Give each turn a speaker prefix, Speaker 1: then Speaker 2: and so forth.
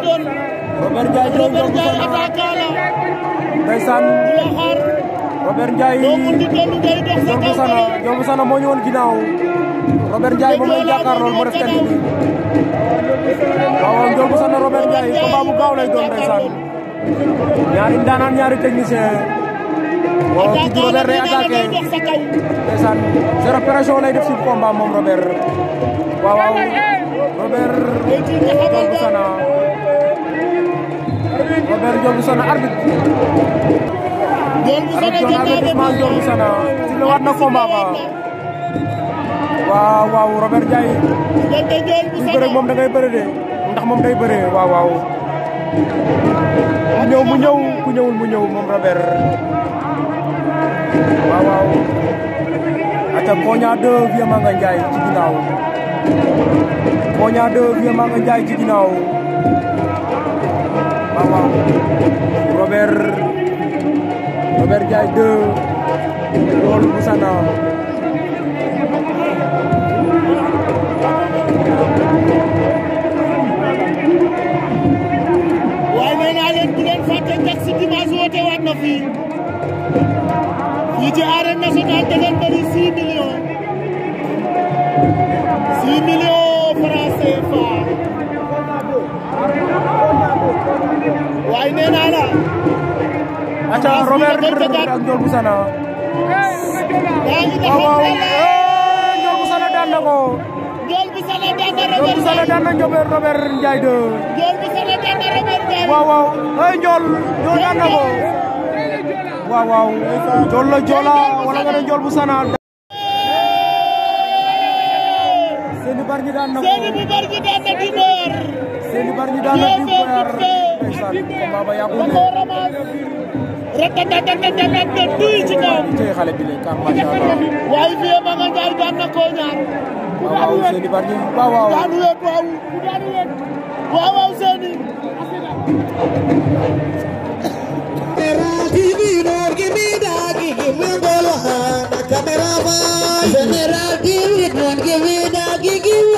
Speaker 1: Robert Jai, Robert Jai attaquant la Robert Jai, doo di doon Jai dox sa kaw sana Robert Jai, moom Sana eh. Robert Jai, kau bu kau, lay doon ndeysaan nyari ndaanaan ñaari technicien Robert day attaqué ndeysaan serap pression lay def si combat Robert waaw Robert Diop Lusana arbitre. arbitre yoon arbitre Mass Diop Lusana. waat na combat ba. waaw waaw Robert Ndiaye. bu bëre moom da ngay bëre ndax moom day bëre waaw waaw. ku ñëw mu ñëw mu ñëw moom Robert. waaw waaw. ata Konia 2 Vieux Manga Ndiaye ci ginnaaw. Konia 2 Vieux Manga Ndiaye ci ginnaaw. Robert Ndiaye 2 loolu Moussana waaye nee naa leen bu leen fàtte taxi dimanche woote waat na fii fii ci arène nationale da leen bëri aca Robert ak Ndiol Goussana waaw waaw Ndiol Goussana daan na daan na Ndiol Robert Ndiaye de waaw waaw ay Ndiol Ndiol daan na ko waaw waaw eh, Ndiol la Ndiola wala nga ne Ndiol Goussana Seny Bargny daan rek da da da da da tuy ci kaw. xale bi lañ kàmm macha allah. waaye Vieux Manga Ndiaye daan na koo ñaar. waaw waaw Seyni Bargny waaw waaw daanu wet waaw daanu wet waaw waaw Seyni. Camera, give me, don't give me, don't give me.